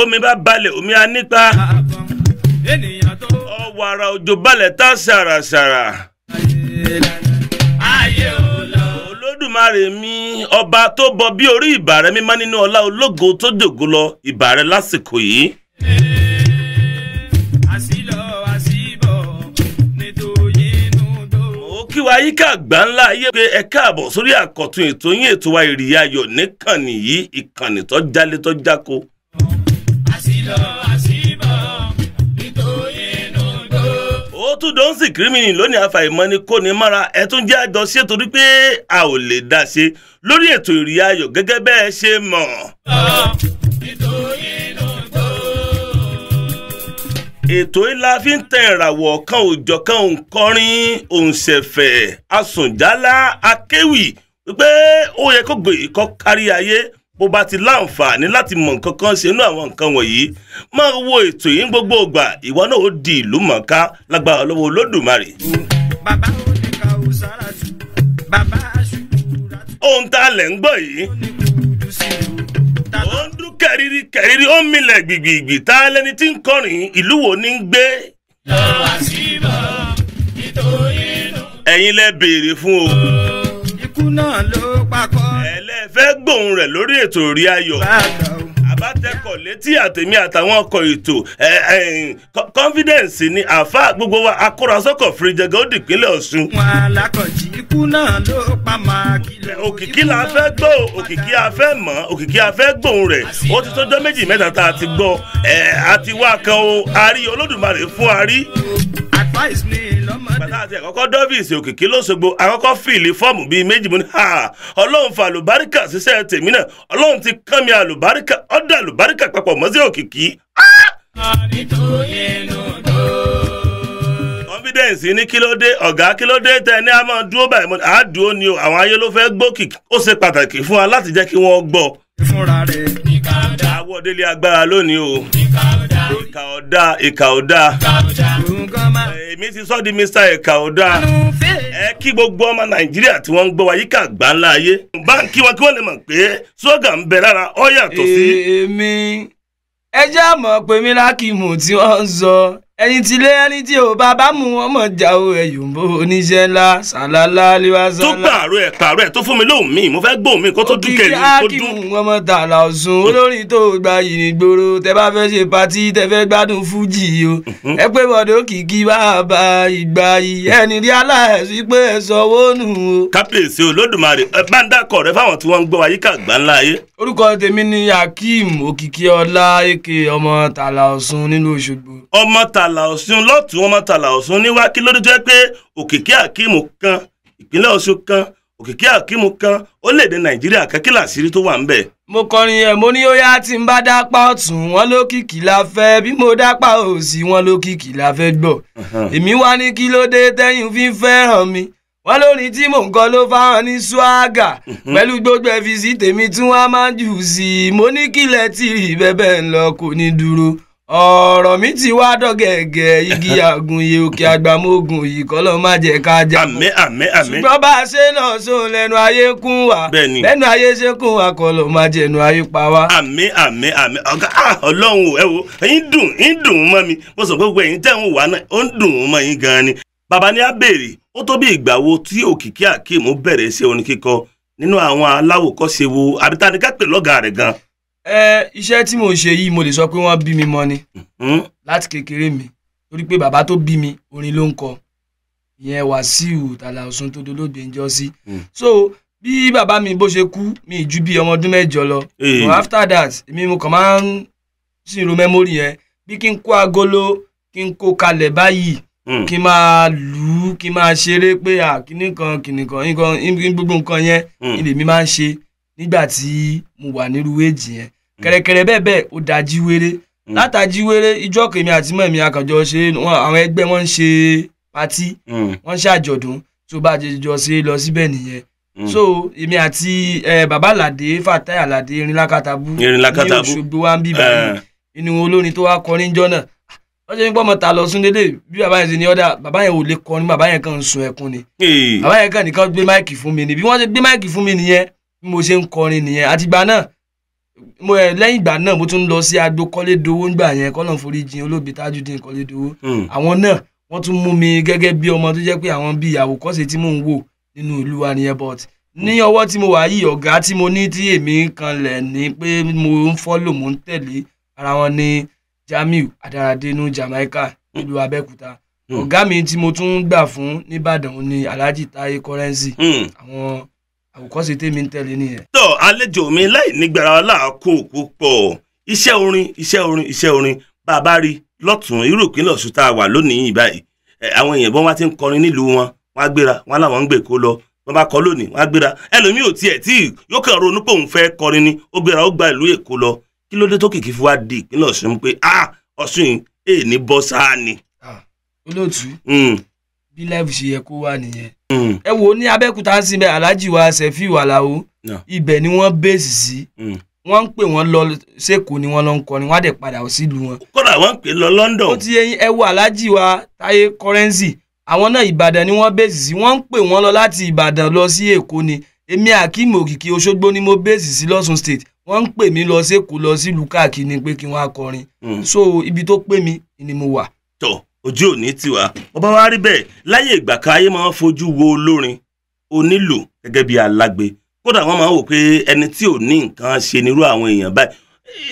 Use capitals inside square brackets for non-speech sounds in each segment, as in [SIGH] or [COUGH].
omi bá balẹ̀ omi á níta ọ̀wàrà òjò balẹ̀ tá ṣàràṣàrà. olódùmarè mi ọba tó bọ bí orí ìbàrẹ̀ mímá nínú ọlá ológo tó dògo lọ ìbàrẹ̀ lásìkò yìí. kíwa yíká àgbà ńlá ayé pé ẹ káàbọ̀ sórí àkọ́tún ètò yín ètò wa ìrìyà ayọ̀ níkànnì yìí ìkànnì tó jálé tó jáko tún dán sí kírímìnì lónìí àfàìmọ̀ ni kò ní mára ẹ tún jẹ́ àjọ ṣe torí pé a ò lè dá ṣe lórí ètò ìrìn ayọ̀ gẹ́gẹ́ bẹ́ẹ̀ ṣe mọ̀. ètò ìlà fi ń tẹ ìràwọ̀ kan òjọ̀kan òǹkọrin òǹṣẹ̀fẹ̀ asùnjálá akéwì wípé ó yẹ kó gbèyí kọ́ kárí ayé bó bá ti láǹfààní láti mọ nǹkan kan ṣe inú àwọn nǹkan wọ̀nyí máa wo ètò yìí gbogbo ìgbà ìwọ náà ó di ìlú mọ̀ọ́ká lágbára lọ́wọ́ olódùmarè. bàbá oníkà òsára tù bàbá aṣùkúra tù. ohun tá a lẹ̀ ń gbọ́ yìí. ó ń dún kẹrìírí kẹrìírí ó ń milẹ̀ gbìgbìgbì tá a lẹni tí ń kọrin ìlú wo ni ń gbé. lọ́wọ́ sí bọ̀ nítorí inú. ẹ̀yin lẹ béèrè fún o. ikú náà ló pakọ́ fẹ́ gbóhùn rẹ̀ lórí ètò orí ayọ̀ àbátẹkọ̀ létí àtẹ̀mí àtàwọn ọkọ̀ ètò confidence ni àfa gbogbo wa akórasọ́kọ̀ fìrìjẹ̀gẹ́ ó dìpínlẹ̀ Ọ̀ṣun. wọn alákọ̀jì ikú náà ló pa máa kìlọ̀. òkìkí la fẹ́ gbọ́ òkìkí a fẹ́ mọ̀ òkìkí a fẹ́ gbóhùn rẹ̀ ó ti tọ́jọ́ méjì mẹ́ta tá a ti gbọ́ àti wá kan o a rí Olódùmarè fún a rí advice mi lọ́mọdé. bàtà àti àkọ́kọ́ dọ́fíìsì òkìkí lọ́sọ̀gbọ̀ àkọ́kọ́ fìlì fọ́ọ̀mù bíi méjì mú ní ọlọ́run fa àlùbáríkà ṣiṣẹ́ tèmi náà ọlọ́run ti kán mi àlùbáríkà ọ̀dà àlùbáríkà papọ̀ mọ́sí òkìkí. confidence ní kí ló dé ọ̀gá kí ló dé tẹ ní a máa dúró báyìí mo ní àádùó ni o àwọn ayé ló fẹ́ gbókìkí ó ṣe pàtàkì fún wa láti jẹ́ kí wọ́n gbọ́. fúnra àwọ̀ délé agbára lónìí o. ìkà ọ̀dà ìkà ọ̀dà èmi ti sọ́ di mr ìkà ọ̀dà ẹ kí gbogbo ọmọ nàìjíríà tí wọ́n ń gbọ́ wa yíká àgbà ńlá ayé báńkì wọn kí wọn lè mọ̀ pé sọ́gà ń bẹ lára ọ yàtọ̀ sí. èmi ẹ já mọ̀ pé mílákì mù tí wọ́n ń sọ ẹni tí lé ẹni tí ò bàbá mú wọn mọ̀ já o ẹ̀yùn bó oníṣẹ́ ńlá ṣàlálá liwasa ńlá. tó pààrọ̀ ẹ̀ pààrọ̀ ẹ̀ tó fún mi lóhùn mi mo fẹ́ gbóhùn mi kó tó dúkẹ́ ní kó dún. òkìkí ákìmù ọmọ tààlà ọ̀sùn olórin tó gba yìnyín gbòòrò tẹ bá fẹ́ ṣe patí tẹ fẹ́ gbádùn fújì o mhm. ẹ pé bọ̀dọ̀ òkìkí bàbá ìgbà yìí ẹni rí aláìsí pé ẹ sọ wónú o. kábíyèsí olódùmarè ẹ bá ń dákọ̀ rẹ fáwọn orúkọ tèmi ni akeem òkìkí ọlá èké ọmọ tààlà ọ̀sùn nílùú òṣogbo. ọmọ tààlà tààlà ọ̀ṣun lọ́tún wọn máa tààlà ọ̀ṣun níwá kí ló jẹ́ pé òkìkí àkíìmù kan ìpínlẹ̀ ọ̀ṣun kan òkìkí àkíìmù kan ó lè dé nàìjíríà kan kí làṣírí tó wà ń bẹ̀. mo kọrin yẹn mo ní ó tí n bá dápá ọ̀tún wọn lókìkí la fẹ́ bí mo dápá òsì wọn lókìkí la fẹ́ gbọ́ èmi wá ní kí ló dé tẹ́yìn fi fẹ́ràn mi wọ́n lórí tí mò ń kọ́ ló fáwọn ní swaga pẹ̀lú gbogbo ẹ̀fíìsì tèmi tí wọ́n á máa jù sí i mo ní kílẹ̀ tìrì bẹ́ẹ̀ bẹ́ẹ̀ ń lọ kò ní dúró ọ̀rọ̀ mi ti wá dọ̀gẹ̀gẹ̀ igi [LAUGHS] àgùnyè òkè àgbàmógùn yìí kọ́ ló má jẹ́ ká jà. ṣùgbọ́n bá ṣe náà sóun lẹ́nu ayé kún wa lẹ́nu ayé ṣe kún wa kọ́ ló má jẹ́nu ayé pa wá. àmín àmín ọ̀gá ọlọ́run ò ẹ wo ẹ̀yin dùn ẹ̀yin dùn mọ́ mi mo sọ pé gbogbo ẹ̀yin tẹ̀ ń wà náà ó ń dùn ni. bàbá ni a béèrè ká pè lọ́gàá rẹ̀ gan ẹ iṣẹ́ tí mo ṣe yìí mo lè sọ pé wọ́n bí mi mọ́ ni mm-hmm. láti kékeré mi torí pé bàbá tó bí mi orin ló ń kọ ìyẹn Wàsíù Tàlà Ọ̀ṣun tó dolóògbé ń jọ sí mm. so bí bàbá mi bó ṣe kú mi ju bí ọmọ ọdún mẹ́jọ lọ but after that èmi mo kàn máa ń sì ro mẹ́mórì yẹn bí kí n kó agolo kí n kó kalẹ̀ báyìí mm. kí n máa lù ú kí n máa ṣeré pé à kíní kan gbogbo nǹkan yẹn mm. ilé mi máa ń ṣe nígbà tí mo wà nírú èjì yẹn mm. kẹ̀rẹ̀kẹ̀rẹ̀ bẹ́ẹ̀ bẹ́ẹ̀ ó dají wéré mm. látàjí wéré ìjọ kèmí àti mọ̀mí akànjọ ṣe àwọn ẹgbẹ́ wọn ń ṣe patí mm. wọ́n ń ṣe àjọ̀dún tó bá jẹjọ ṣe lọ síbẹ̀ nìyẹn so èmi àti bàbá àlàdé fatai àlàdé irinlá katabu ní Òṣogbo wa ń bí báyìí eh. inú olórin tó wá kọrin jọ náà wọ́n ṣe ń gbọ́ mọ̀ta lọ sún dédé bí bàbá yẹn ṣe ní ọ́dà bàbá yẹn ò lè kọrin bàbá yẹn kàn ń sun ẹkún ni bàbá yẹn kàn nìkan gbé máìkì fún mi ni bí wọ́n ṣe gbé máìkì fún mi nìyẹn bí mo ṣe ń kọrin nìyẹn àtìgbà náà mo ẹ eh, lẹ́yìn ìgbà náà mo tún lọ sí agbo kọ́lédowó ńgbà yẹn kọ́nà forí jin olóògbé Tajudeen kọ́lédowó hmm. àwọn náà wọ́n tún mú mi gẹ́gẹ́ bí ọmọ tó jẹ́ pé àwọn bíi àwòkọ́ṣe tí mò ń wò nínú ìlú wa nìyẹn but ní hmm. ọwọ́ tí mo wà yìí ọ̀gá tí mo ní tí èmi kanlẹ̀ ni pé mo ń fọ́lò mo ń tẹ̀lé ara wọn ní Jamiu Adaradenu Jamaica nílùú hmm. Abẹ́òkúta ọ̀gá mi tí mo tún gbà fún nìbàdàn ni Alhaji Taye Currency àwọn àwòkọ́ṣe tèmi ń tẹ̀lé nìyẹn. tọ́ àlejò mi láì nígbàrá láàkó púpọ̀ iṣẹ́ orin iṣẹ́ orin iṣẹ́ orin bá a bá rí lọ́tún irú ìpínlẹ̀ Ọ̀ṣun tá a wà lónìí ìbáyìí àwọn èèyàn bọ́n wá ti ń kọrin nílùú wọn wọ́n á gbéra wọ́n láwọn ń gbè kó lọ wọ́n bá kọ lónìí wọ́n á gbéra ẹlòmíì ò tiẹ̀ tí yóò kàn ronú pé òun fẹ́ kọrin ni ó gbéra ó gba ìlú Èkó lọ kí ló dé tó kìkì fi wá di ìpínlẹ̀ Ọ̀ṣun pé ah Ọ̀ṣun yìí èè bọ́ sáà ni. Ah, olóòtú hmm bí life ṣe yẹ kó wà nìyẹn. Hmm. ẹ wo ní abẹ́kúta ń sinmi alhaji wa sefiu alao ibẹ̀ ni wọ́n bẹ́ẹ̀sì sí hmm. wọ́n ń pè wọ́n lọ sẹ́kọ̀ọ́ ni wọ́n lọ ń kọrin wọ́n á dẹ̀ padà sílùú wọn. kódà wọ́n ń pè lọ London. ó ti yẹyin ẹ wo alhaji wa táyé currency, àwọn náà ìbàdàn ni wọ́n bẹ́ẹ̀sì sí wọ́n ń pè wọ́n lọ láti ìbàdàn lọ sí èkó ni èmi akeem òkìkí òṣogbo ni mo bẹ́ẹ̀sì sí lọ́sùn state wọ́n ń pè mí lọ sẹ́kọ̀ọ́ lọ sílùú káàkiri pé kí wọ́n á hmm. so ibi tó pè mí ni mo wà. tó ojú òní tiwa ọba wa rí bẹ́ẹ̀ láyé ìgbà kan ayé máa ń fojú wo olórin onílù gẹ́gẹ́ bí alágbe kódà wọ́n máa ń wò pé ẹni tí ò ní nǹkan ṣe nírú àwọn èèyàn báyìí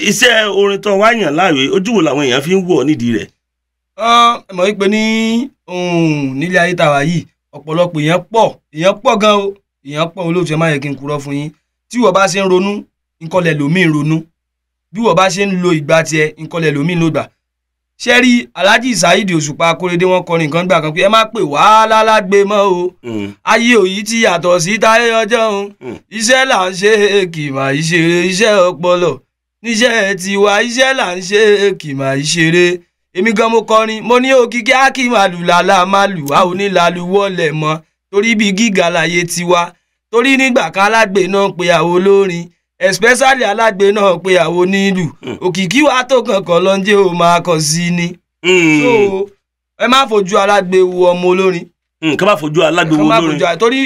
iṣẹ́ orin tó wá yàn láàyè ojú wo làwọn èèyàn fi ń wò nídìí rẹ̀. ẹ mọ̀ wípé ní mm, nílé ayé tàwa yìí ọ̀pọ̀lọpọ̀ èèyàn pọ̀ èèyàn pọ̀ gan o èèyàn pọ̀ olóòtú ẹ má yẹ kí n kúrò fún yín tí wọ́n bá ṣe ń ronú nǹkan lẹ̀ lómi ń ronú bí wọ́n bá ṣe ń lo ìgbà tiẹ̀ nǹkan lẹ̀ lómi ń lò sẹ́rí alhaji saheed òṣùpá akóredé wọn kọrin nǹkan gbà kan pé ẹ má pè wá lálágbé mọ́ o hmm. ayé òyì ti yàtọ̀ sí táyé ọjọ́ o hmm. iṣẹ́ là ń ṣe kìmà ìṣeré iṣẹ́ ọpọlọ níṣẹ́ tiwa iṣẹ́ là ń ṣe kìmà ìṣeré èmi gan mo kọrin mo ní òkìkí akímàlùlàlà màlùwà onílàlùwọlẹ mọ torí bí gíga láyé tiwa torí nígbà kan náà pe àwọn olórin especially alágbe náà pé àwọn onílù hmm. òkìkí wa tó kankan lọ ń jẹ́ ò máa kọ sí ni. Hmm. so ẹ má fojú alágbe wo ọmọ olórin. nǹkan hmm, má fojú alágbe wo olórin. nǹkan má fojú torí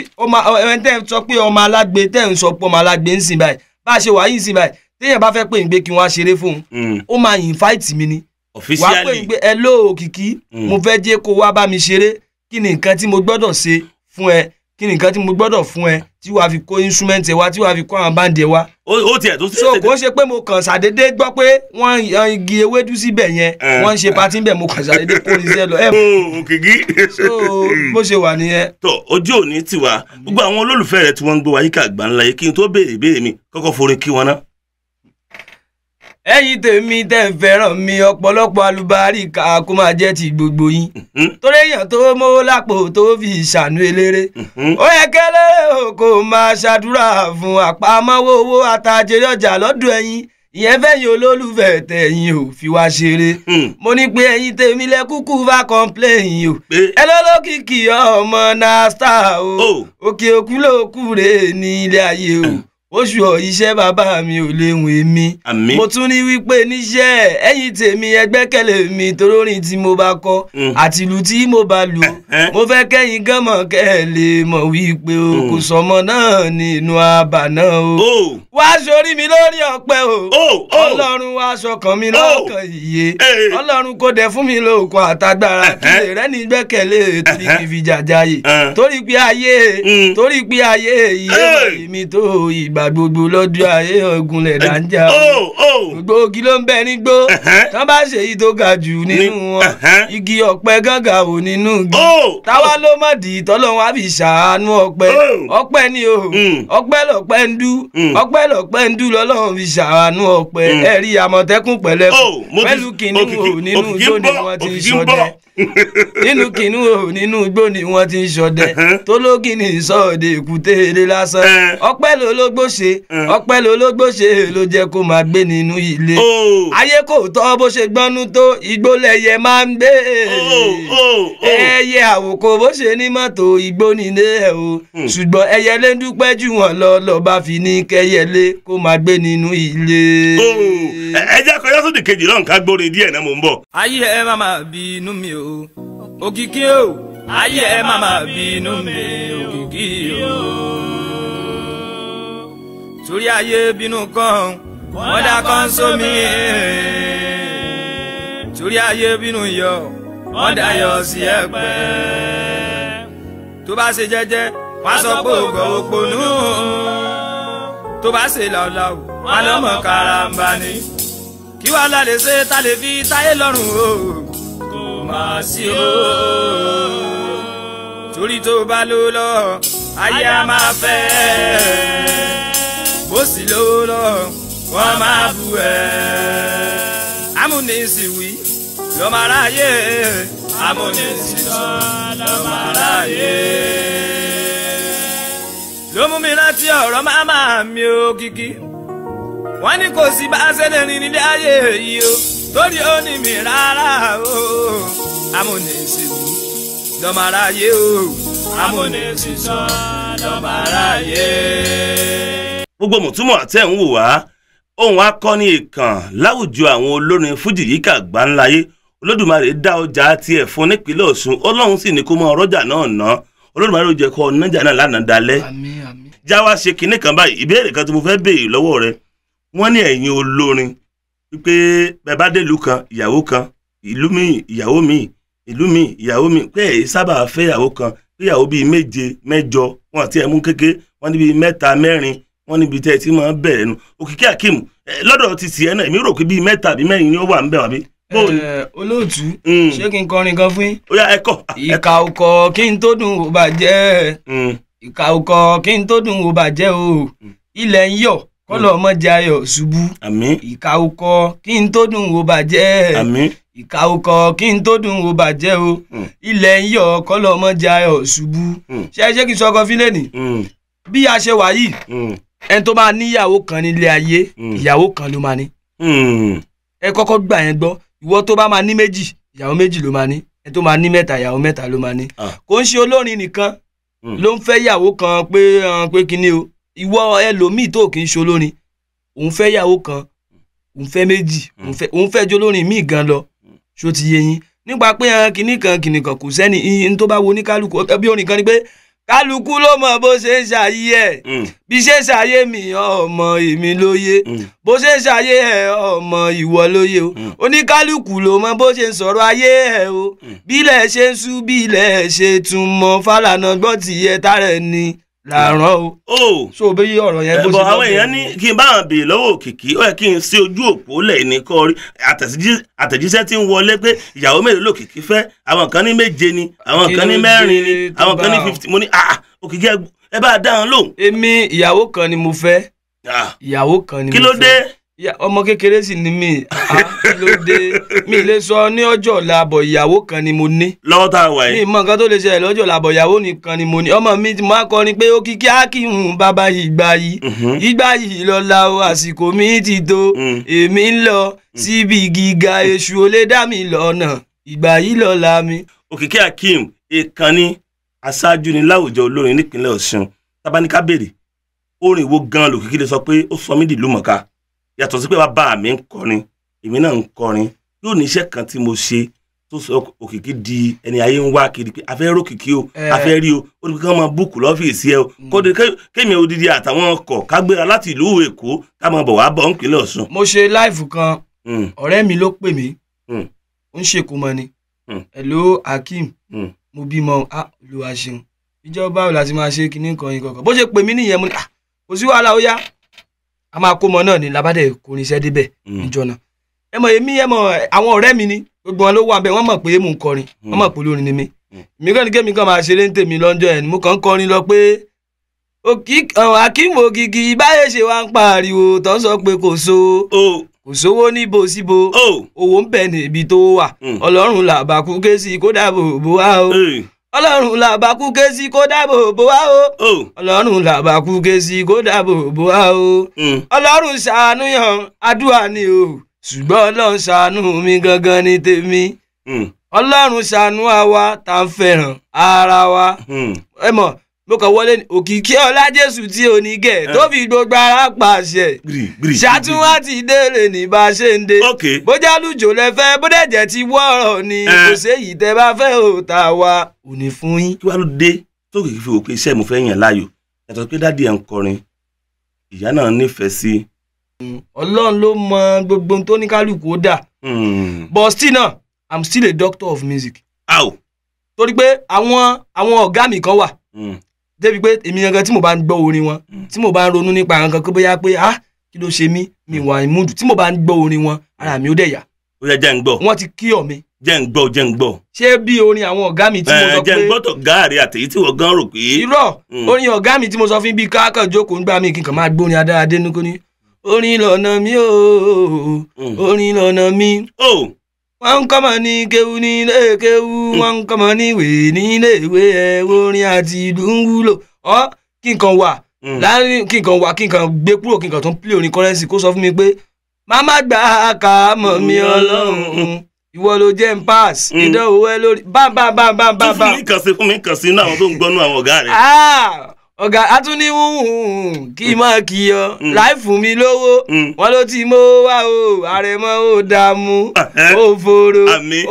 ẹni tẹ́ ẹ sọ pé ọmọ alágbe tẹ́ ẹ ń sọ pé ọmọ alágbe ń sìn báyìí bá a ṣe wà yìí sìn báyìí téèyàn bá fẹ́ pè ń gbé kí wọ́n á ṣeré fóun ó máa invite mi ni. officially wàá pè ń gbé ẹ lóò òkìkí mo fẹ́ jẹ́ kó wá bá mi ṣeré kí ni nǹkan tí mo gbọ́dọ̀ ṣe fún ẹ kí ni nǹkan tí mo gbọ́dọ̀ fún ẹ tí wàá fi kó instrument ẹ wá tí wàá fi kó àwọn báńdì ẹ wá. ó tiẹ̀ tó ti. so kò ń ṣe pé mo kàn ṣàdédé gbọ́ pé wọ́n yan igi ewédú síbẹ̀ yẹn eh. wọ́n ń ṣe patí bẹ̀ mo kàn ṣàdédé kó iṣẹ́ lọ. òkìkí. [LAUGHS] Oh, so bó ṣe wà nìyẹn. tọ ojú òní tiwa gbogbo àwọn olólùfẹ́ rẹ tí wọ́n ń gbé wa yíká àgbà ńlá yìí kí n tó béèrè béèrè mi kọ́kọ́ forin kí wọn náà ẹ̀yin tèmi tẹ́ ń fẹ́ràn mi ọ̀pọ̀lọpọ̀ alùbáríkà kó máa jẹ́ ti gbogbo yín mhm. torí èèyàn tó mówó lápò tó fi ṣàánú eléré mhm. ó yẹ kẹlẹrẹ o kò máa ṣàdúrà fún àpamọ́wọ́ owó àtàjẹrẹ ọjà lọ́dún ẹ̀yin ìyẹn fẹ́yìn olólùfẹ́ tẹ̀yìn ò fi wá ṣeré hmm. mo ní pé ẹ̀yin tèmi lẹ kúkú bá kọ́ńpléyìn o ẹ lọ́lọ́kìkì ọmọ náà star o oh. òkè òkú lókùrè ní ilé ayé o oṣù iṣẹ́ bàbá mi ò léhùn èmi. àmín. mo tún ní wípé níṣẹ́ ẹ̀yin tèmi ẹgbẹ́kẹ̀lé mi torórin tí mo bá kọ mm. àti ìlú tí mo bá lù mo fẹ́ kẹ́yìn gán kẹ́ ẹ lè mọ̀ wípé o mm. kò sọmọ náà ní inú àbà náà o. Oh. wá sórí mi lórí ọpẹ́ o oh, oh. ọlọ́run wá sọkàn mi lọ́kàn iye ọlọ́run kò dẹ̀ fún mi lóòkùn àtagbára kí lè rẹ́ni gbẹ́kẹ̀lé torí kì í fi jàjáyè torí pé ayé mm. torí pé ayé ìyé ìgbà gbogbo lọ́jọ́ ayé ogun lẹ̀dá ń jà o oh, oh. gbogbo igi ló ń bẹ nígbó tán bá ṣe èyí tó ga jù nínú wọn igi ọ̀pẹ gángan ò nínú igi oh. táwa ló mọ̀ dì í tọ́lọ́run á fi ṣàánú ọ̀pẹ ọ̀pẹ ni o mm. ọ̀pẹ lọ̀pẹ ń dú mm. ọ̀pẹ lọ̀pẹ ń dú lọ́lọ́run fi ṣàánú ọ̀pẹ mm. ẹ̀rí àmọ̀tẹ́kùn pẹ̀lẹ́kùn pẹ̀lú kìnìún ò nínú igbó ni wọ́n ti ṣọdẹ nínú kinu o nínú igbó ni wọn ti ń ṣọdẹ tó lógin ní ìsọdẹ èkúté eré lásán ọpẹ́ lológbó ṣe mm. ọpẹ́ lológbò ṣe ló jẹ́ kó máa gbé nínú ilé oh. ayé kò tọ́ bó ṣe gbọ́nú tó igbó lẹyẹ máa ń gbé oh, oh, ẹyẹ àwòkọ bó ṣe ní mọ́tò igbó nílé ẹ̀ o hmm. ṣùgbọ́n ẹyẹlé ń dúpẹ́ jù wọ́n lọ lọ́ba fi ní kẹyẹlé kó máa gbé nínú ilé. ẹ jẹ́ kọjá sóde kejì náà nǹkan gbóre díẹ̀ náà mò ń bọ̀. ayé ẹ má máa bínú mi o òkìkí o ayé ẹ má máa bínú mi òkìkí o sórí ayé bínú kan wọ́n dá kan sómi sórí ayé bínú yọ wọ́n dá yọ sí ẹ̀pẹ́ tó bá ṣe jẹ́jẹ́ wọ́n á sọ pé ògbọ òpònú tó bá ṣe làwùlàwù wọ́n á karamba ni kí wàá lálẹ́ ṣe tá lè fi táyé lọ́rùn o kò má sí o torí tó bá lò lọ ayé a máa fẹ́ ẹ ó sì lówó lọ́rùn wọ́n máa bú ẹ̀. amúnisìn wí lọ́mọ aráyé amúnisìn sọ lọ́mọ aráyé. ló mú mi rántí ọ̀rọ̀ màmá mi òkìkí wọ́n ní kò sí bá a ṣe lè rìn nílé ayé yìí o torí ó ní mi rárá o amúnisìn wí lọ́mọ aráyé o amúnisìn sọ lọ́mọ aráyé gbogbo mùtúmọ̀ tẹ́ ń wò wá ohun akọni ìkàn láwùjọ àwọn olórin fújì yíká gbáńláyé olódùmarè dá ọjà tiẹ̀ fún nípínlẹ̀ ọ̀ṣun ọlọ́run sì ní kó mọ ọrọ́jà náà ná olódùmarè ó jẹ́ kó nájà náà lánàá dalẹ̀ já wá ṣe kinní kan báyìí ìbéèrè kan tí mo fẹ́ béèrè lọ́wọ́ rẹ wọ́n ní ẹ̀yin olórin wípé bẹ́ẹ̀ bá délùú kan ìyàwó kan ìlú mi ìyàwó mi ìlú mi ìyàwó mi pé èyí sábà fẹ́ ìyàwó kan ìyàwó bíi méje mẹ́jọ wọn àti ẹ̀mú kéke wọn níbi mẹ́ta mẹ́rin wọ́n níbi tẹ́ ẹ ti máa bẹ̀rẹ̀ nu òkìkí akeem lọ́dọ̀ ti tiẹ̀ náà èmi rò pé bíi mẹ́ta àbí mẹ́rin ni ó wà ń bẹ̀ wá bí. olóòtú hmm. ṣé kí n kọrin kan fún yín. ó yá ẹ kọ. ìkà ọkọ kí n tó dùn ò bàjẹ́ hmm. ìkà ọkọ kí n tó dùn ò bàjẹ́ o hmm. ilẹ̀ ń yọ̀ kọ́lọ̀ ọmọ jẹ ayọ̀ ṣubú. ìkà ọkọ kí n tó dùn ò bàjẹ́ ìkà ọkọ kí n tó dùn ò bàjẹ́ o ilẹ̀ ń yọ̀ kọ́lọ̀ ọmọ jẹ ayọ̀ ṣubú. ṣé ṣé kí n sọ ọkọ fílẹ̀ nì bí a ṣe wà yìí ẹni tó bá níyàwó kan nílé ayé hmm. ìyàwó kan ló máa ní. Hmm. ẹ kọ́kọ́ gbà yẹn gbọ́ ìwọ tó bá máa ní méjì ìyàwó méjì ló máa ní ẹni tó máa ní mẹ́ta ìyàwó mẹ́ta ló máa ní. Ah. kò ń ṣe olórin nìkan hmm. ló ń fẹ́ yàwó kan pé eh, pé kinní o ìwọ ẹlòmíì tó kì í ṣe olórin òun fẹ́ yàwó kan òun fẹ́ méjì òun fẹ́ jolórin míì gan lọ ṣó ti yé yín nípa pé eh, kinní kan kinní kan kò sẹ́ni ihun tó bá wo oníkálukú eh, bí orin kan ni pé kálukú ló mọ bó ṣe ń ṣayé ẹ mm. bí ṣe ṣayé mi ọmọ èmi ló yé mm. bó ṣe ṣayé ẹ ọmọ ìwọ ló yé o mm. oníkálukú ló mọ bó ṣe ń sọ̀rọ̀ ayé ẹ o bí ṣe ń ṣú bí ṣe tún mọ Fálànà gbọ́ tìyẹ tààrẹ làárọ̀ o. o so bí ọ̀rọ̀ yẹn bó ṣe lọ́wọ́. ẹ̀bọ̀ àwọn èèyàn ní kí n bá àwọn béèrè lọ́wọ́ òkìkí ó yẹ kí n sí ojú òpó lẹ̀ ní kọ́ rí àtẹ̀jíṣẹ́ tí ń wọlé pé ìyàwó mélòó lòkìkí fẹ́ àwọn kan ní méje ni àwọn kan ní mẹ́rin ni àwọn kan ní fifty mo ní ah, ah òkìkí ẹ bá a dá wọn lóhùn. èmi ìyàwó kan ni mo fẹ́ ah. ìyàwó kan ni mo fẹ́ kí ló dé ọmọ kékeré sì ni mí lóde mi lè sọ ní ọjọ́ ọ̀la àbọ̀ ìyàwó kan ni mo ní. lọ́wọ́ tá a wà yìí. mi mọ nǹkan tó lè ṣẹlẹ̀ lọ́jọ́ ọ̀la àbọ̀ ìyàwó nìkan ni mo ní. ọmọ mi máa kọrin pé ó kí kí á kí n bàbá ìgbà yìí mhm. ìgbà yìí lọ́la o àsìkò mi ti tó mm. èmi ń lọ síbi gíga èṣù ó lè dá mi lọ́nà ìgbà yìí lọ́la mi. Òkìkí Hakeem ìkànnì aṣáájú ni láwùjọ olórin nípínlẹ̀ Ọ̀ṣun tabaníkábèrè orin ìwo gan lòkìkí lè sọ pé ó sọ mí yàtọ̀ sí pé bàbá mi ń kọrin èmi náà ń kọrin yóò ní iṣẹ́ kan tí mo ṣe tó sọ òkìkí di ẹni ayé ń wá kiri pé a fẹ́ rókìkí o eh. a fẹ́ rí o ó ní kí wọ́n máa búùkù lọ́fíìsì ẹ o hmm. kóde kémi odidi àtàwọn ọkọ̀ kágbéra láti ìlú èkó ká bọ̀ wá bọ̀ nípínlẹ̀ ọ̀ṣun. mo ṣe láìfù kan hmm. ọ̀rẹ́ mi ló pè mí hmm. ó ń ṣèkómọ ni hello akeem mo bímọ ah, olùwàṣeun ìjọba ò láti máa ṣe kinní kan yìí kankan bó ṣe pè mí nìyẹn mo ní ah, kò sí wàhálà ó yá a máa kó mọ náà ní labádẹ kòrinṣẹ débẹ̀ mm. níjọ náà ẹ mọ èmi ẹ mọ àwọn ọ̀rẹ́ mi ni gbogbo wọn ló wà bẹ́ẹ̀ wọ́n mọ̀ pé mò ń kọrin wọ́n mm. mọ̀ pé olórin ni mm. mi mi kàn ní kémi kàn máa ṣeré ń tèmi lọ́jọ́ ẹ̀ mo kàn ń kọrin lọ pé akínwó gigi báyé ṣe wá ń pariwo tó ń sọ pé kò so kò sówó níbo síbo owó ń bẹ níbi tó wà ọlọ́run làbàkú ké sí kódà bòbò wá o ọlọ́run làbàkú ké sí kó dáàbò bò wá o ọlọ́run làbàkú ké sí kó dáàbò bò wá o ọlọ́run ṣàánúyàn àdúrà ni o ṣùgbọ́n ọlọ́run ṣàánú mi gangan ni tèmi ọlọ́run ṣàánú àwa tá à ń fẹ́ràn ara wa ẹ mọ̀ mo kàn wọlé ní òkìkí ọlá jésù tí o ní gẹ eh. tó fi gbogbo ara pàṣẹ ṣàtúnwá ti délé ní bá a ṣe ń dé bójá lùjò lẹ fẹ́ bódà jẹ ti wọrọ ni eh. kò séyìí tẹ bá fẹ́ o tà wá ò ní fún yín. kí wàá ló dé tó kìkì fi wò iṣẹ́ mo fẹ́ yàn láàyò yàtọ̀ pé dáàdi ẹ̀ ń kọrin ìyá náà nífẹ̀ẹ́ sí. ọlọ́run ló mọ gbogbo tó ní kálukú ó dà hmm. but still náà i'm still a doctor of music. torí pé àwọn àwọn ọ̀gá mi kan wà. Hmm débi pé èmi gangan tí mo bá ń gbọ́ orin wọn mm. tí mo bá ń ronú nípa nǹkan kan bóyá pé ah kí ló ṣe mí mi wà ní múdù tí mo bá ń gbọ́ orin wọn ara mi ó dẹ̀ yá. ó yẹ jẹ́ ń gbọ́. wọ́n ti kí ọ̀ mi. jẹ́ ń gbọ́ jẹ́ ń gbọ́. ṣé bí orin àwọn ọ̀gá mi tí mo sọ pé. jẹ́ ń gbọ́ tó gáàrí àtẹ̀yí tí wọ́n gan rò pé. irọ́ mm. orin ọ̀gá mi tí mo sọ fún bí káàkàn jókòó mi kí máa gbórin adáradé nukú ni orin lọ́nà mi. Mm. Oh, wọ́n ń kọ́mọ ní kéwú nílé kéwú wọ́n ń kọ́mọ ní ìwé nílé ìwé ẹ̀ orin àti ìlú ń wúlò ọ́ kí nǹkan wà hmm. láàrin kí nǹkan wà kí nǹkan gbé kúrò kí nǹkan tó ń pílè orin kọ́rẹ́nsì kó sọ fún mi pé màmá gbà á kà á mọ̀ mí hmm. ọlọ́run ìwọ ló jẹ́ ń pass hmm. ìdánwò ẹ lórí bá bá bá bá bá. tó fún mi kàn sí fún mi kàn sí inú àwọn tó ń gbọ́nú àwọn ọ̀gá rẹ̀. Ah! ọ̀gá atúní wúhùn hmm, kí má hmm. kí ọ hmm. láì fún mi lówó wọn ló ti mọ wá o àrẹ̀mọ ò dààmú ò fòrò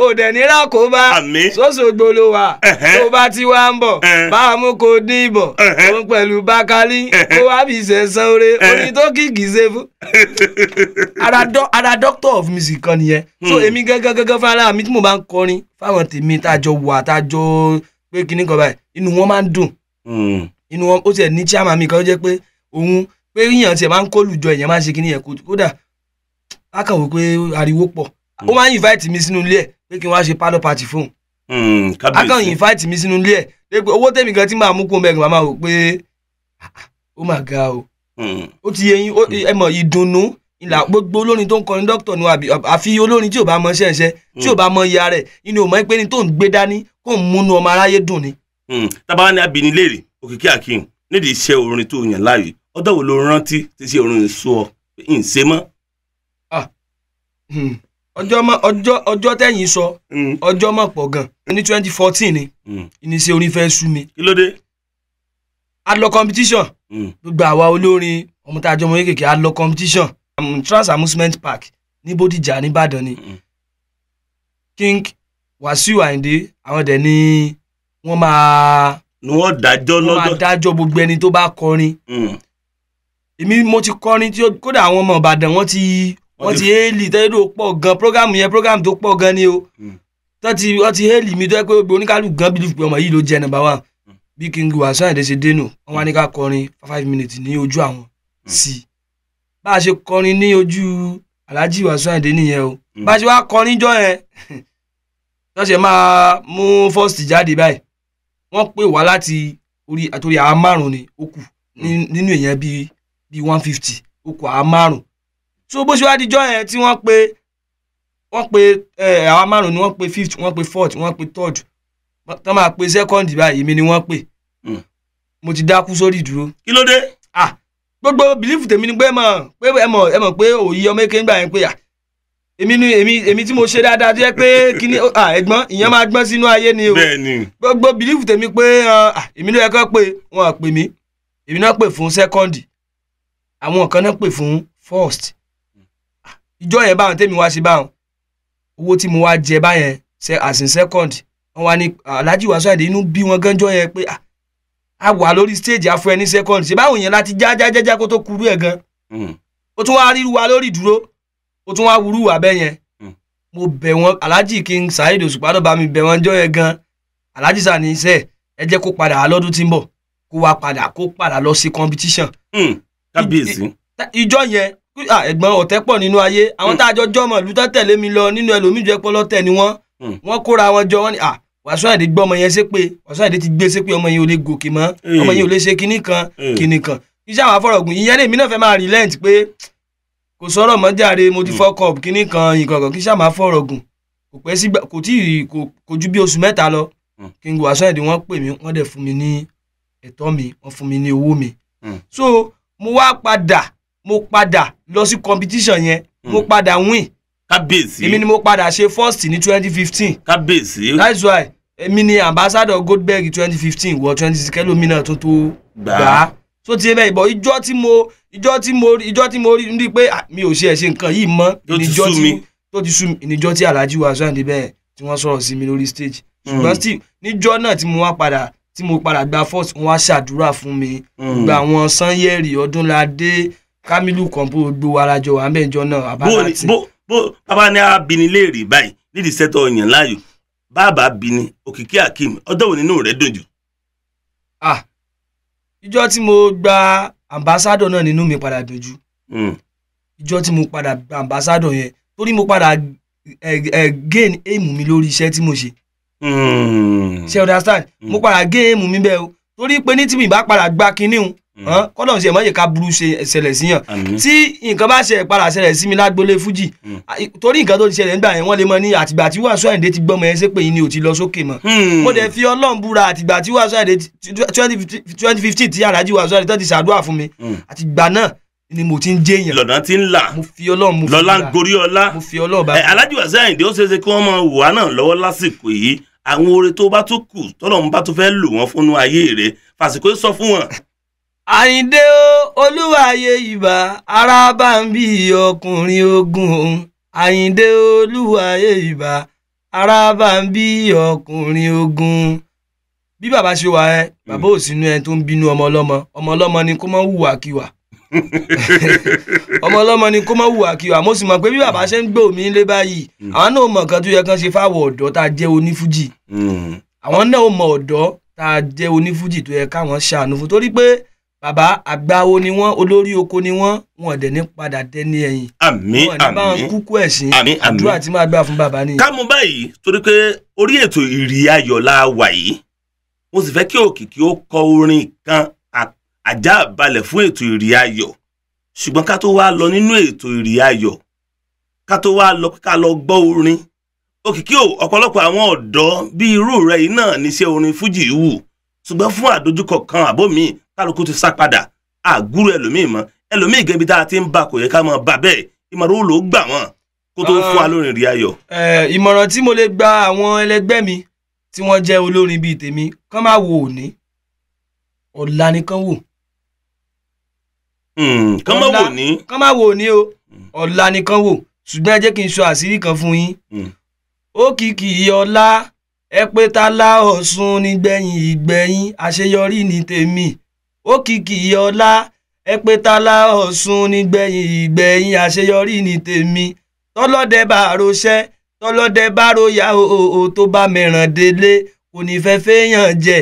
ò dẹ̀ nírà kó bá sóso gbolo wà tó bá ti wá ń bọ̀ bá a mú kó dín ìbọ̀ òun pẹ̀lú bákálí kó wá bí sẹ̀sán oore orin tó kìkì ṣe fún. [LAUGHS] ara doctor of music kan nìyẹn so èmi gángan gángan fúnra mi tí mo bá ń kọrin fáwọn tèmi tá a jọ wà tá a jọ pé kinní kan báyìí inú wọn máa ń dùn inú wọn ó tiẹ̀ ní chairman mi kan ló jẹ́ pé òun pé yíyan tiẹ̀ máa ń kólùjọ èèyàn máa ń ṣe kí nìyẹn kódà lákàwé pé ariwo pọ̀ ó máa ń invite mi sínú ilé ẹ̀ pé kí n wá ṣe paddle party fóun hmm, akàn invite mi sínú ilé ẹ̀ pé owó tèmi gan tí màá mú kó mẹ́rin màá máa rò pé ah, ah, ó mà ga o hmm. ó ti yẹ ẹ mọ̀ ìdùnnú ìlà hmm. gbogbo olórin tó ń kọrin dókítà nu àbí àfi olórin tí ò bá mọ ṣẹ́ṣẹ́ tí ò bá mọ ìyá rẹ̀ inú ò mọ̀ pé ní tó ń gbé dání kó ń múnú ọmọ aráyé dùn ni. tábà ní abìnrin léèrè Òkìkí Akeem nídìí iṣẹ́ orin tó yàn láàyò ọdọ́ wo ló rántí tí iṣẹ́ orin sọ ọ ń ṣe mọ́. Hmm, ọjọ́ mọ́ ọjọ́ ọjọ́ tẹ̀yìn sọ hmm. ọjọ́ mọ̀ pọ̀ gan ní twenty fourteen ni ìníṣẹ́ hmm. orin fẹ́ sú mi. kí ló dé. a lọ competition gbogbo àwa olórin ọmọ tá a jọmọ kéékèèké lọ competition um, trans amusement park ní Bódìjà nìbàdàn ni King Wasiu Ayinde àwọn dẹ̀ ni wọ́n máa ni wọ́n dájọ́ lọ́jọ́. wọ́n máa dájọ́ gbogbo ẹni tó bá kọrin. Hmm. èmi mo ti kọrin tí kódà àwọn ọmọ Ìbàdàn wọ́n ti wọ́n ti hélì tẹ́lẹ̀ pọ̀ gan programu yẹn programu tó pọ̀ gan ni o. Hmm. tọ́tí wọ́n ti hélì mi tó yẹ pé oníkálukú gan bílíf pé ọmọ yìí ló jẹ nàbà wà bí King Wasiu Ayinde ṣe dénú wọ́n wá ní ká kọrin five minutes ní ojú àwọn hmm. sí i bá a ṣe kọrin ní ojú Alhaji Wasiu Ayinde nìyẹn o bá a ṣe wá kọrin jọ yẹn lọ́sẹ̀ [LAUGHS] máa mú first jáde báyìí wọ́n pè wá láti orí àtòrí àá márùn ni ó kù nínú èèyàn bíi bíi one fifty ó kù àá márùn so bó ṣe wá dijọ́ yẹn tí wọ́n pe wọ́n pe àá márùn ni wọ́n pe fifth wọ́n pe fourth wọ́n pe third tán máa pe second báyìí èmi ni wọ́n pè hmm. mo ti dákú sórí ìdúró. kí ló dé. ah gbogbo bìlífù tèmi ni pé ẹ mọ̀ pé ẹ mọ̀ pé òòyì ọmọ èké ń gbà yẹn pé à ah, èmi ni èmi èmi tí mo ṣe dáadáa tó yẹ pé kíní ẹ̀gbọ́n ìyẹn máa gbọ́n sínú ayé ni o gbogbo bìlífù tèmi pé èmi ló yẹ kó pé wọn pè mí èmi náà pè fún sẹ́kọ́ndì àwọn kan náà pè fún first ìjọ yẹn báwọn tèmi wá sí báwọn owó tí mo wá jẹ báyẹn àsìn second wọn wá ní Alhaji Wasiu Ayinde inú bí wọn gánjọ yẹn pé a wà lórí stage afọ ẹni second ṣe báwọn yẹn láti já já já já kó tó kúrú ẹ̀ gan hmm. ó tún wá ríru wa lórí ìdúró ó tún wá wúrú wà bẹ́ẹ̀ hmm. mo bẹ̀ wọ́n alhaji king saheed òṣùpá tó bá mi bẹ̀ wọ́n jọ́ yẹn gan alhaji sani iṣẹ́ ẹ jẹ́ kó padà wá lọ́dún tí ń bọ̀ kó wá padà kó padà lọ sí competition. Hmm, kábíyèsí. ìjọ yẹn ẹ̀gbọ́n ọ̀tẹ̀ pọ̀ nínú ayé àwọn hmm. tá a jọ jọmọ ìlú tó tẹ̀lé mi lọ nínú ẹlòmíjọ ẹpọlọ tẹ̀ ni wọ́n wọ́n kóra wọn jọ wọ́n ni wàásù àìdè gbọ́ ọmọ yẹn ṣépè wàásù àìdè ti gbé ṣépè ọmọ yẹn ò lè gòkè mọ́ ọmọ yẹn ò lè ṣe kinní kan kinní kan iṣẹ́ àwọn afọ̀rọ̀gùn ìyẹn lèmi náà fẹ́ máa relent pé kò sọ̀rọ̀ mọ́ jàre mo ti hmm. fọ́ cup kínní kan ìkọ̀kọ̀ kí sàmà fọ̀rọ̀ gùn kò pẹ́ sígbà kò tí ì kò ju bí oṣù mẹ́ta lọ hmm. kí n wàásù ẹ̀dín wọ́n pè mí wọ́n dẹ̀ fún mi ní ẹ̀tọ́ mi wọ́n fún mi ní owó mi. Hmm. so mo wá padà mo padà lọ sí competition yẹn mo padà win kábíyèsí èmi ni mo padà ṣe first ní twenty fifteen kábíyèsí that's why èmi ni ambassador Goldberg twenty fifteen wọ twenty six kẹlómi náà tó tó gbà á tó ti bẹ́ẹ̀ bọ̀ ìjọ́ tí mo ìjọ́ tí mo ìjọ́ tí mo rí ní pé mi ò ṣe ẹ̀ṣẹ̀ nǹkan yìí mọ́ ìníjọ́ tí tó ti sú mi ìníjọ́ tí Alhaji Wasiu Ayinde bẹ́ẹ̀ tí wọ́n sọ̀rọ̀ sí mi lórí stage ṣùgbọ́n mm. still níjọ́ náà tí mo wá padà tí mo padà gba first wọn wá ṣàdúrà fún mi mm. gba àwọn Sanyẹ̀rì Ọdúnládé Kamilu Kompo gbogbo wa la jọ wà mẹ́jọ náà abala ti. bó bó bàbá ní abini lè rí báyìí nídìí sẹ́tọ̀ ọ̀yàn láàyò bàbá bini òkìkí Akeem ọdọ́ wo nínú rẹ̀ dùn jù. ah ìjọ tí mo gba ambassador náà nínú mi padà dojú ìjọ hmm. tí mo padà gba ambassador yẹn torí mo padà gain aim mi lórí iṣẹ́ tí mo ṣe hmm. ṣe understand hmm. mo padà gain aim mi bẹ́ẹ̀ o torí pé ní tí mi bá padà gba kinní o kọ́dọ̀ sí ẹ̀ mọ́yè ká burú ṣẹlẹ̀ sí yàn tí nǹkan bá ṣe ìpadà ṣẹlẹ̀ sí mi lágbólé fújì mm. torí nǹkan tó ti ṣẹlẹ̀ nígbà yẹn wọ́n lè mọ ní àtìgbà tí wàásù àyìndé ti gbọ́mọ yẹn ṣépè yìí ni ò ti lọ sókè mọ́ hmm. mo dẹ̀ fi ọlọ́run búra àtìgbà tí wàásù àyìndé twenty fifteen tí aláàjì wàásù àyìndé tó ti ṣàdúrà fún mi hmm. àtìgbà náà ni mo ti ń jẹ yẹn. lọ́dọ̀ tí ń là mo fi ọlọ́run mo fi lọ́la ń gorí ọlá mo fi ọlọ́run bá mi. aláàjì wàásù àyìndé ó ṣeéṣe kí wọ́n máa wà náà lọ́wọ́ lásìkò yìí àwọn oore tó bá tó kù tọ́lọ́run bá tó fẹ́ lò wọ́n fúnnú ayé rẹ̀ fàṣíkò sọ fún wọn àyíndé olúwàyè ìbà ará bá ń bí ọkùnrin ogun òun àyíndé olúwàyè ìbà ará bá ń bí ọkùnrin ogun bí bàbá ṣe wà ẹ bàbá ò hmm. sínú ẹ tó ń bínú ọmọ ọlọmọ ọmọ ọlọmọ ni kó má hùwàkiwà [LAUGHS] ọmọ ọlọmọ ni kó má hùwàkiwà mo sì mọ pé bí bàbá ṣe ń gbé omi lé báyìí hmm. àwọn náà mọ nǹkan tó yẹ kán ṣe fáwọn ọ̀dọ́ tá a jẹ́ onífújì hmm. àwọn náà mọ ọ̀dọ́ tá a jẹ́ onífújì tó yẹ káwọn ṣàánú fún torí pé bàbá àgbáwo ni wọn olórí oko ni wọn wọn ọdẹ ní padà dẹni ẹ̀yìn. àmín àmín wọn ní bá wọn kúkú ẹ̀sìn àdúrà tí máa gbà fún bàbá nìyẹn. ká mú báyìí torí pé orí ètò ìrì ayọ̀ la wà yìí mo sì fẹ́ kí òkìkí ó kọ orin kan àjá balẹ̀ fún ètò ìrì ayọ̀ ṣùgbọ́n ká tó wá lọ nínú ètò ìrì ayọ̀ ká tó wá lọ ká lọ gbọ́ orin òkìkí o ọ̀pọ̀lọpọ̀ àwọn ọ̀dọ́ bíi irú rẹ̀ yìí náà níṣẹ́ orin fújì wù ṣùgbọ́n fún àdójúkọ kan àbó kálukú ti sá padà àgúrò ẹlòmíì mọ́ ẹlòmíì gẹbi tá a ti ń bá kò yẹ ká máa bà bẹ́ẹ̀ ìmọ̀ràn ó lò ó gbà wọ́n kó tó fún wa ah, lórin rí ayọ̀. ìmọ̀ràn tí mo lè gba àwọn ẹlẹgbẹ́ mi tí wọ́n jẹ́ olórin bíi tèmi kán máa wo òní ọ̀la ni kán wò. Hmm, kán máa wò ní. kán máa wò ní o hmm. ọ̀la ni kán wò ṣùgbọ́n ẹ jẹ́ kí n sọ àṣírí kan fún yín. Hmm. òkìkí ọlá ẹ pé ta la Ọ̀ṣun nígbẹ̀yìn ìgbẹ̀yìn àṣeyọrí ni tèmi òkìkí ọlá ẹpẹtàlá ọ̀ṣun nígbẹ̀yìn ìgbẹ̀yìn àṣeyọrí ní tèmi tọlọ́dẹ bá roṣẹ́ tọlọ́dẹ bá royà òòó tó bá mẹ̀ràn délé kò ní fẹ́ fẹ́yàn jẹ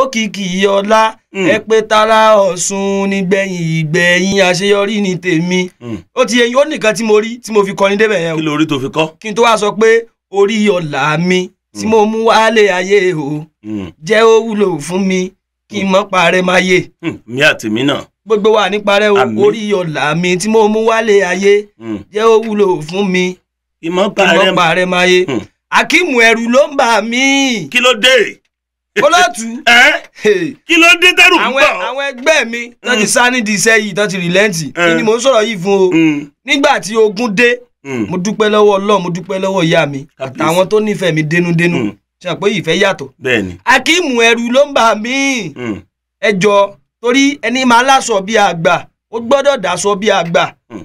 òkìkí ọlá hmm. ẹpẹtàlá ọ̀ṣun nígbẹ̀yìn ìgbẹ̀yìn àṣeyọrí ní tèmi hmm. ó ti yẹn ó nìkan tí mo rí tí mo fi kọrin débẹ̀ yẹn o kí lórí tó fi kọ́ kí n tó wá sọ pé orí ọlá mi tí hmm. mo mú wálé ayé o jẹ́ ó wúlò fún mi kí n mọ́ parẹ́ máa yé. Hmm, mi àti mi náà. gbogbo wa ní parẹ́ orí ọ̀la mi tí mo mú wálé ayé hmm. jẹ́ ó wúlò fún mi kí n mọ́ parẹ́ máa yé. Hmm. akíìmù ẹ̀rù ló ń bà mí. kí ló dé kólọ́tù. [LAUGHS] kí ló dé dẹ́rù ń bọ̀. àwọn ẹgbẹ́ mi tó ti sá nídìí iṣẹ́ yìí tó ti rìlẹ́ǹtì kí ni mò ń sọ̀rọ̀ yìí fún o. nígbà tí ogun dé mo dúpẹ́ lọ́wọ́ ọlọ́run mo dúpẹ́ lọ́wọ́ ìyá mi àtàwọn tó nífẹ̀ẹ́ mi dénúdénú ṣe àpò ìfẹ́ yàtọ̀. bẹ́ẹ̀ni. akíìmù ẹrù ló ń bà mí. Hmm. ẹ jọ torí ẹni máa láṣọ bí àgbà ó gbọ́dọ̀ dáṣọ bí àgbà. Hmm.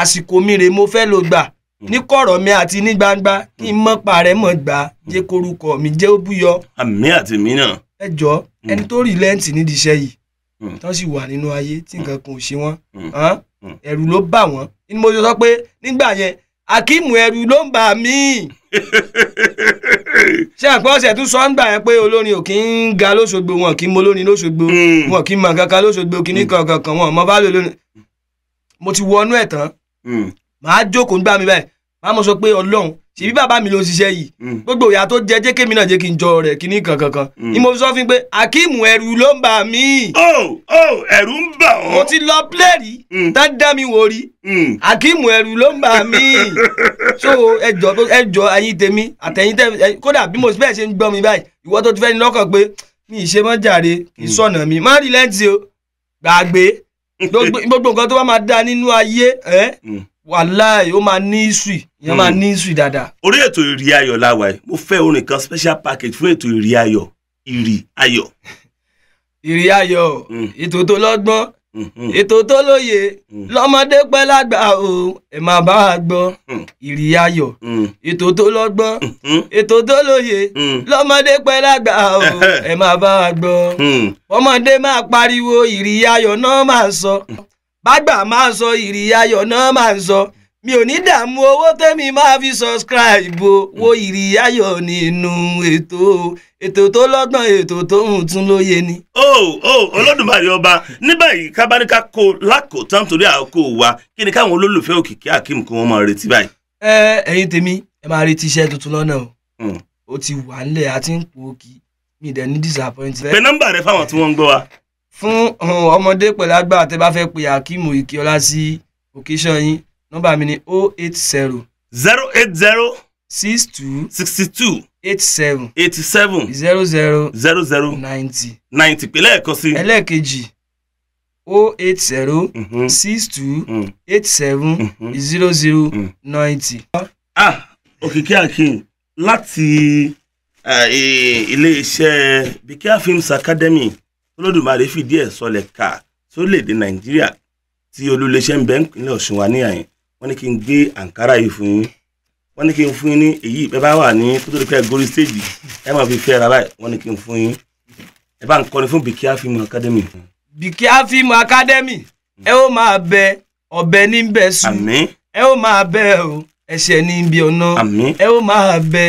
àsìkò mi rè mo fẹ́ lò gbà hmm. ní kọ̀rọ̀ mi àti ní gbangba kí n mọ́ parẹ́ mọ́ gbà jẹ́ korúkọ mi jẹ́ ó búyọ. àmì àti mi náà. ẹ jọ ẹni tó rí lẹ́ǹtì nídìí iṣẹ́ yìí tó sì wà nínú ayé tí nǹkan kan ò ṣe wọ́n ẹ̀rù ló bà wọ́n ni mo sọ pé nígbà yẹn akíìmù ẹ̀rù ló ń bà mí. [LAUGHS] ṣé àpẹ́ ọ̀sẹ̀ tún sọ ń gbà yẹn pé olórin ò kí ń ga lóṣogbo wọn kì í hmm. mọ olórin lóṣogbo wọn kì í mọ hmm. kankan lóṣogbo kì ní kankan kan wọn mọ bá lò lónìí mo ti wọnú ẹ̀ tán hmm. màá jókòó ń gbà mí báyìí máa mọ̀ sọ pé ọlọ́run ṣèbí mm. bàbá mi ló ń ṣiṣẹ́ yìí mm. gbogbo ìyá tó jẹ́ jẹ́ kémi náà jẹ́ kí n jọ rẹ̀ kíní kankankan mm. ni mo sọ fún pé akeem ẹ̀rù ló ń bà mí. o o ẹ̀rù ń bà ọ́. mo ti lọ pílẹ̀rì tá dá mi wò rí akeem ẹ̀rù ló ń bà mí. [LAUGHS] so ẹjọ ẹjọ ẹyin tèmi àtẹyin tẹ kódà bí mo bẹ́ẹ̀ ṣe ń gbọ́ mi báyìí ìwọ tó ti fẹ́ ni lọ́kàn pé mi ì ṣe mọ́ jàre kì í sọ̀nà mi má rí lẹ́ǹtì o gbàgbé [LAUGHS] gbogbo nǹkan tó bá máa dá nínú ayé wàláì ó máa ní ìsù ìyẹn máa hmm. ní ìsù dáadáa. orí ètò ìrì ayọ̀ làwà yìí mo fẹ́ orin kan special package fún ètò ìrì ayọ̀ ìrì ayọ̀. [LAUGHS] ìrì ayọ̀ hmm. ètò tó lọ́gbọ́n hmm. ètò tó lóye lọ́mọdé pẹ́ lágbà o ẹ máa bá a gbọ́ ìrì ayọ̀ ètò tó lọ́gbọ́n ètò tó lóye lọ́mọdé pẹ́ lágbà o [LAUGHS] ẹ máa bá a gbọ́ ọmọdé máa pariwo ìrì ayọ̀ náà máa sọ bágbà máa ń sọ ìrì ayọ̀ náà máa ń sọ mi ò ní dààmú owó tẹ́mi máa fi subscribe wo ìrì nínú ètò ètò tó lọ́gbọ̀n ètò tó ń tún lóye ni. ó ó olódùmarè ọba ní báyìí kábáríkà kó lákòótán torí àkókò wa kí ni káwọn olólùfẹ́ òkìkí akeem kí wọ́n máa retí báyìí. ẹ ẹ̀yin tèmi ẹ máa retí iṣẹ́ tuntun lọ́nà o ó hmm. ti wà nílẹ̀ àti ń pò ó kí mi dẹ̀ ní disappointment. pé nọ́mbà rẹ fáwọn tí wọ́n ń gbọ́ wa fún um, ọmọdé pẹ̀lú agbára tẹ́ bá fẹ́ pe akeem ìkíọ́lá sí occasion yín nọ́mbà mi ni o oh eight zero. zero eight zero. six two. sixty two. eight seven. eighty seven. zero zero. zero zero. ninety. ninety pé lẹ́ẹ̀kan sí. ẹlẹ́ẹ̀kejì o eight zero six two eight seven zero zero ninety. ah Òkìkí Akeem láti eh, ilé iṣẹ́ Bikia Films Academy olódùmarè fìdí ẹ̀ sọlẹ̀ ká sórílẹ̀‐èdè nàìjíríà tí olúléṣẹ́ ń bẹ nípínlẹ̀ ọ̀ṣun wa níyàyìn wọ́n ní kí n gbé àǹkárá yìí fún yín wọ́n ní kí n fún yín ní èyí ẹ bá wà ní kótódi pé gorí stéèjì ẹ máa fi fẹ́ ra báyìí wọ́n ní kí n fún yín ẹ bá ń kọrin fún bikia film academy. bikia film academy ẹ ó máa bẹ ọ̀bẹ ní bẹ sùn ẹ ó máa bẹ ẹsẹ̀ ní bí ọ̀nà ẹ ó máa bẹ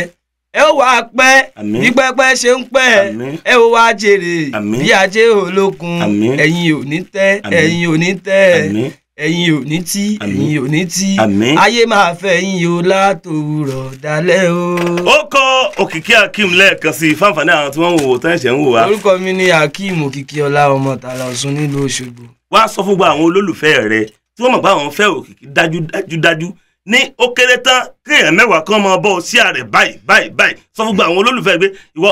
ẹ ó wá pẹ́ bí pẹ́pẹ́ ṣe ń pẹ́ ẹ ó wá jèrè bí ajé olókun ẹ̀yin ò ní tẹ́ ẹ̀yin ò ní tẹ́ ẹ̀yin ò ní tí ẹ̀yin ò ní tí ayé máa fẹ́ yín o látòwúrọ̀ dalẹ́ o. ó kọ òkìkí akeem lẹ́ẹ̀kan sí i fáǹfààní àwọn tí wọ́n ń wò tán ẹ̀ṣẹ̀ ń wò wá. orúkọ mi ni akeem òkìkí ọlá ọmọ tààlà ọ̀ṣun nílùú òṣogbo. wá sọ fún gbogbo àwọn olólùfẹ́ rẹ tí wọ́n mọ̀ pé àwọn fẹ́ òkìkí dájúdájú ní ó kéré tán kéèyàn mẹ́wàá kan máa bọ́ ṣíà rẹ̀ báyìí báyìí báyìí sọ fún gba àwọn olólùfẹ́ pé ìwọ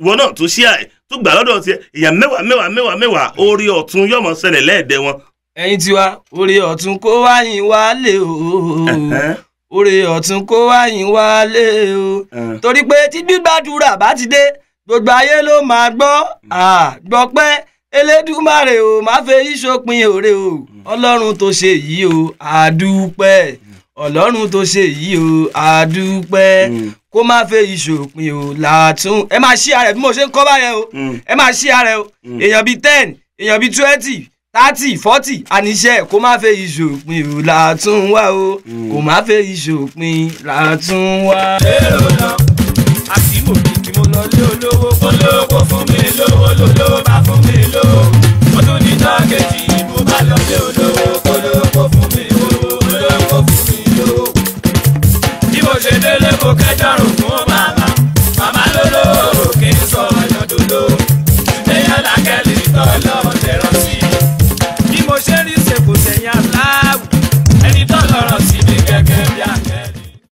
ìwọ náà tó ṣíà ẹ̀ tó gbà lọ́dọ̀ tiẹ̀ èèyàn mẹ́wàá mẹ́wàá mẹ́wàá mẹ́wàá orí ọ̀tún yóò máa ṣẹlẹ̀ lẹ́ẹ̀dẹ̀ wọn. ẹ̀yin tiwa orí ọ̀tún kó wáyìn wálé ooo orí ọ̀tún kó wáyìn wálé ooo torí pé tí gbígbàdúrà bá ti dé gbogbo ayé ló máa gbọ́ gbọ́ pé Elédùmarè o má fẹ́ yí o mm. Ọlọ́run tó ṣe o àdúpẹ́ ọlọ́run tó ṣe yìí o àdúpẹ́ mm. kó má fẹ́ ìṣòpin o làtún ẹ máa ṣí ara ẹ bí mo ṣe ń kọ́ báyẹn o mm. ẹ máa ṣí ara ẹ o mm. èèyàn bíi ten èèyàn bíi twenty thirty forty àníṣe kó má fẹ́ ìṣòpin o làtún wá o kó má fẹ́ ìṣòpin làtún wá. olówó fún mi lówó lówó bá fún mi lówó mo tún ní tágẹ́tì ìbò bá olówó olówó. mo ṣe délé mo kẹjọrùn fún ọba.